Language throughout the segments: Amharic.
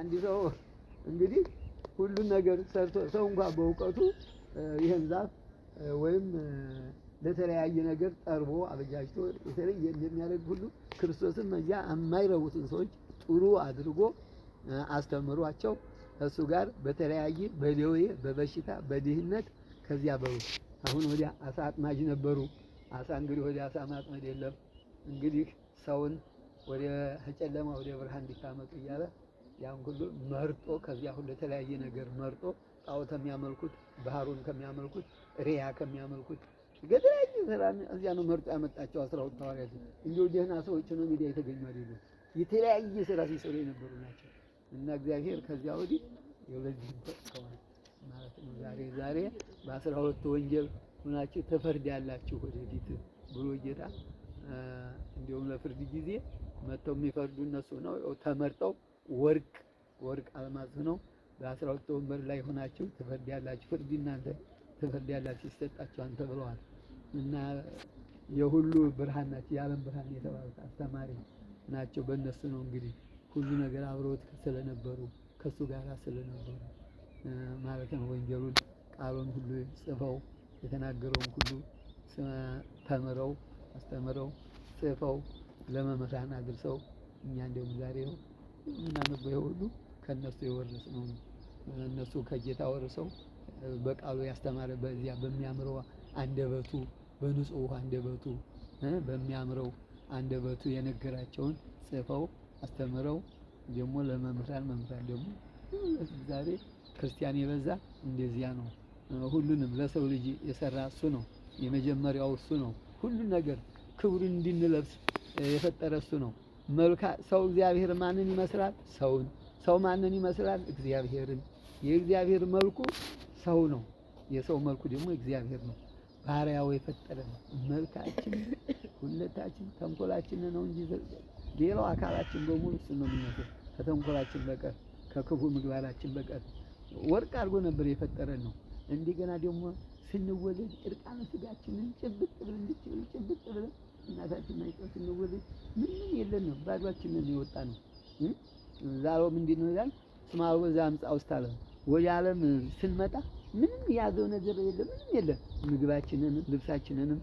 አንድ ሰው እንግዲህ ሁሉን ነገር ሰርቶ ሰው እንኳን በእውቀቱ ይህን ዛፍ ወይም ለተለያየ ነገር ጠርቦ አበጃጅቶ የተለየ እንደሚያደርግ ሁሉ ክርስቶስም እዚያ የማይረቡትን ሰዎች ጥሩ አድርጎ አስተምሯቸው እሱ ጋር በተለያየ በደዌ በበሽታ በድህነት ከዚያ በሩ አሁን ወዲያ አሳ አጥማጅ ነበሩ። አሳ እንግዲህ ወዲያ አሳ ማጥመድ የለም እንግዲህ ሰውን ወደ ጨለማ ወደ ብርሃን እንዲታመጡ እያለ ያን ሁሉ መርጦ ከዚያ ሁሉ የተለያየ ነገር መርጦ ጣዖት ከሚያመልኩት ባህሩን ከሚያመልኩት ሪያ ከሚያመልኩት ገደላጅ ሰላም እዚያ ነው መርጦ ያመጣቸው አስራ ሁለት ሐዋርያት እንዲሁ ደህና ሰዎች ነው ሚዲያ የተገኙ አይደሉም። የተለያየ ስራ ሲሰሩ የነበሩ ናቸው እና እግዚአብሔር ከዚያ ወዲህ የወለዚህ ተቀበለ ማለት ነው። ዛሬ ዛሬ በአስራ ሁለት ወንጀል ሆናችሁ ተፈርዳላችሁ ወደፊት ብሎ ጌታ እንዲሁም ለፍርድ ጊዜ መጥተው የሚፈርዱ እነሱ ነው ተመርጠው ወርቅ ወርቅ አልማዝ ነው። በአስራ ሁለት ወንበር ላይ ሆናችሁ ትፈርዳላችሁ። ፍርድ እናንተ ትፈርዳላችሁ ይሰጣችኋል ተብለዋል እና የሁሉ ብርሃን ናቸው። የዓለም ብርሃን የተባሉት አስተማሪ ናቸው። በእነሱ ነው እንግዲህ ሁሉ ነገር አብረውት ስለነበሩ ከሱ ጋር ስለነበሩ ማለት ነው። ወንጀሉን ቃሉን ሁሉ ጽፈው የተናገረውን ሁሉ ተምረው አስተምረው ጽፈው ለመምህራን አድርሰው እኛ እንደውም ዛሬ ምናምን በሁሉ ከእነሱ የወረስ ነው። እነሱ ከጌታ ወርሰው በቃሉ ያስተማረ በዚያ በሚያምረው አንደበቱ በንጹህ አንደበቱ በሚያምረው አንደበቱ የነገራቸውን ጽፈው አስተምረው ደግሞ ለመምህራን መምህራን ደግሞ ዛሬ ክርስቲያን የበዛ እንደዚያ ነው። ሁሉንም ለሰው ልጅ የሰራ እሱ ነው። የመጀመሪያው እሱ ነው። ሁሉን ነገር ክብሩን እንድንለብስ የፈጠረ እሱ ነው። መልካ ሰው እግዚአብሔር ማንን ይመስላል? ሰውን። ሰው ማንን ይመስላል? እግዚአብሔርን። የእግዚአብሔር መልኩ ሰው ነው፣ የሰው መልኩ ደግሞ እግዚአብሔር ነው። ባሪያው የፈጠረ ነው። መልካችን፣ ሁለታችን፣ ተንኮላችን ነው እንጂ ሌላው አካላችን በሙሉ እሱ ነው የሚመስል ከተንኮላችን በቀር ከክፉ ምግባራችን በቀር ወርቅ አድርጎ ነበር የፈጠረን ነው። እንደገና ደግሞ ስንወለድ እርቃነ ስጋችንን ጭብጥ ብለን ጭብጥ ብለን እናታችን አይጦችን ነው ወለደች። ምንም የለን ነው ባዷችንን የወጣ ነው። ዛሮ እንዴት ነው ይላል ስማ ወዛ አምጻ ውስጥ አለ ወደ ዓለም ስንመጣ ምንም የያዘው ነገር የለ፣ ምንም የለ። ምግባችንን ልብሳችንንም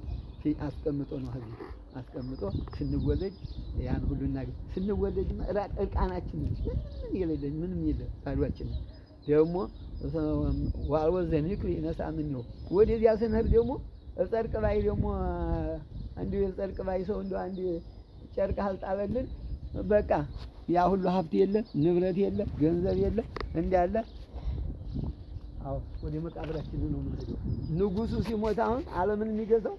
አስቀምጦ ነው ህዝብ አስቀምጦ ስንወለድ ያን ሁሉ እናገኝ። ስንወለድ እርቃናችን ምንም የሌለን ምንም የለ፣ ባዷችንን ደግሞ ዋልወ ዘንክል ይነሳ ምን ነው ወደዚያ ስንሄድ ደግሞ ጸድቅ ላይ ደግሞ አንዱ የጸድቅ ባይ ሰው እንደ አንድ ጨርቅ አልጣለልን። በቃ ያ ሁሉ ሀብት የለ፣ ንብረት የለ፣ ገንዘብ የለ እንዳለ አዎ፣ ወደ መቃብራችን ነው የምንሄደው። ንጉሱ ሲሞት አሁን አለምን የሚገዛው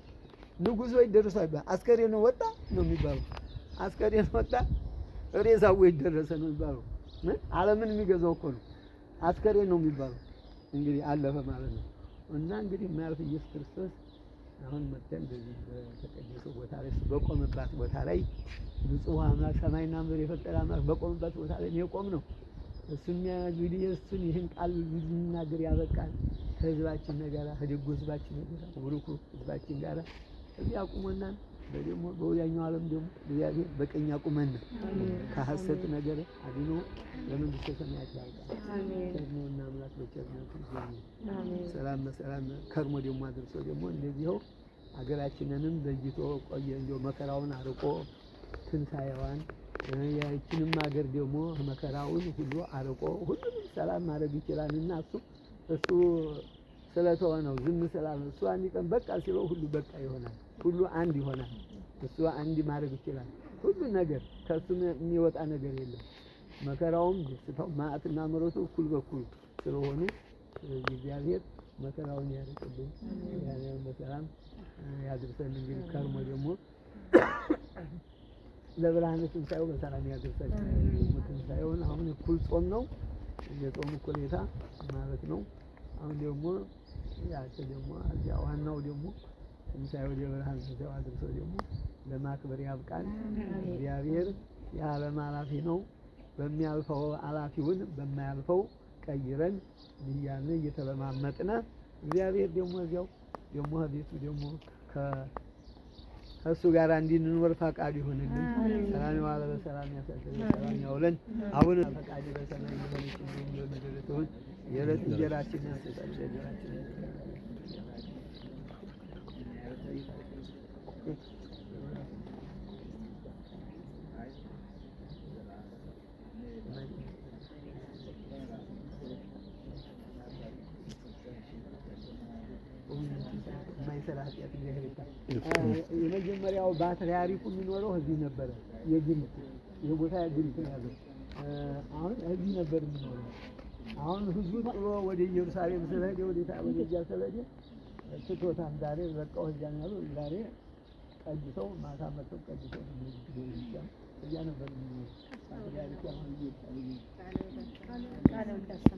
ንጉሱ ወይ ደረሰ አይባልም። አስከሬን ወጣ ነው የሚባለው። አስከሬን ወጣ ሬሳው ወይ ደረሰ ነው የሚባለው። አለምን የሚገዛው እኮ ነው አስከሬን ነው የሚባለው። እንግዲህ አለፈ ማለት ነው እና እንግዲህ የማያልፍ ኢየሱስ ክርስቶስ አሁን መጥተን በዚህ በተቀደሰው ቦታ ላይ በቆምባት ቦታ ላይ ንጹሕ አምላክ ሰማይና ምድር የፈጠረ አምላክ በቆምባት ቦታ ላይ የቆም ነው። እሱም እንግዲህ እሱን ይህን ቃል ልናገር ያበቃል። ከህዝባችን ጋራ ከደጎ ህዝባችን ጋራ ከቡሩኩ ህዝባችን ጋራ እዚህ አቁሞናል። ደግሞ በወዲያኛው ዓለም ደግሞ እግዚአብሔር በቀኝ አቁመን ከሐሰት ነገር አድኖ ለመንግሥተ ሰማያት ያብቃል። ደግሞ እና አምላክ በቸርነቱ ሰላም በሰላም ከርሞ ደግሞ አድርሶ ደግሞ እንደዚሁ ሀገራችንንም ለይቶ ቆየ እንዲ መከራውን አርቆ ትንሣኤዋን ያችንም ሀገር ደግሞ መከራውን ሁሉ አርቆ ሁሉንም ሰላም ማድረግ ይችላልና እሱ እሱ ስለተሆነው ዝም ስላለ እሱ አንድ ቀን በቃ ሲለው ሁሉ በቃ ይሆናል። ሁሉ አንድ ይሆናል። እሱ አንድ ማድረግ ይችላል። ሁሉ ነገር ከሱ የሚወጣ ነገር የለም። መከራውም ደስታው፣ ማዕትና ምሕረቱ እኩል በኩል ስለሆኑ እግዚአብሔር መከራውን ያርቅልን፣ ያንን መከራም ያድርሰን። እንግዲህ ከርሞ ደግሞ ለብርሃነ ትንሣኤው በሰላም ያድርሰን። ትንሣኤውን አሁን እኩል ጾም ነው የጾም እኩሌታ ማለት ነው። አሁን ደግሞ ያቸው ደግሞ እዚያ ዋናው ደግሞ ትንሣኤ ወደ ብርሃን ስተው አድርሰው ደግሞ ለማክበር ያብቃል። እግዚአብሔር የዓለም አላፊ ነው። በሚያልፈው አላፊውን በማያልፈው ቀይረን እያልን እየተለማመጥነ እግዚአብሔር ደግሞ እዚያው ደግሞ ቤቱ ደግሞ ከእሱ ጋር እንድንኖር ፈቃድ ይሁንልን። ሰላም ዋለ በሰላም ያሳድረን፣ ሰላም ያውለን። አቡነ ፈቃድ በሰማይ ይሁን፣ ምድር ትሁን የዕለት እንጀራችንን ስጠን የመጀመሪያው የሚኖረው እዚህ ነበረ። የግሪክ የቦታ ግሪክ ያዘው። አሁን እዚህ ነበር የሚኖረው አሁን ህዝቡ ጥሎ ወደ ኢየሩሳሌም ስለሄደ ወደ ታቦት ታቦጃ ስለሄደ ትቶታም ዛሬ በቃው እዚያን ያሉ ዛሬ ቀድሰው ማታ መጥተው ቀድሰው እዚያ ነበር።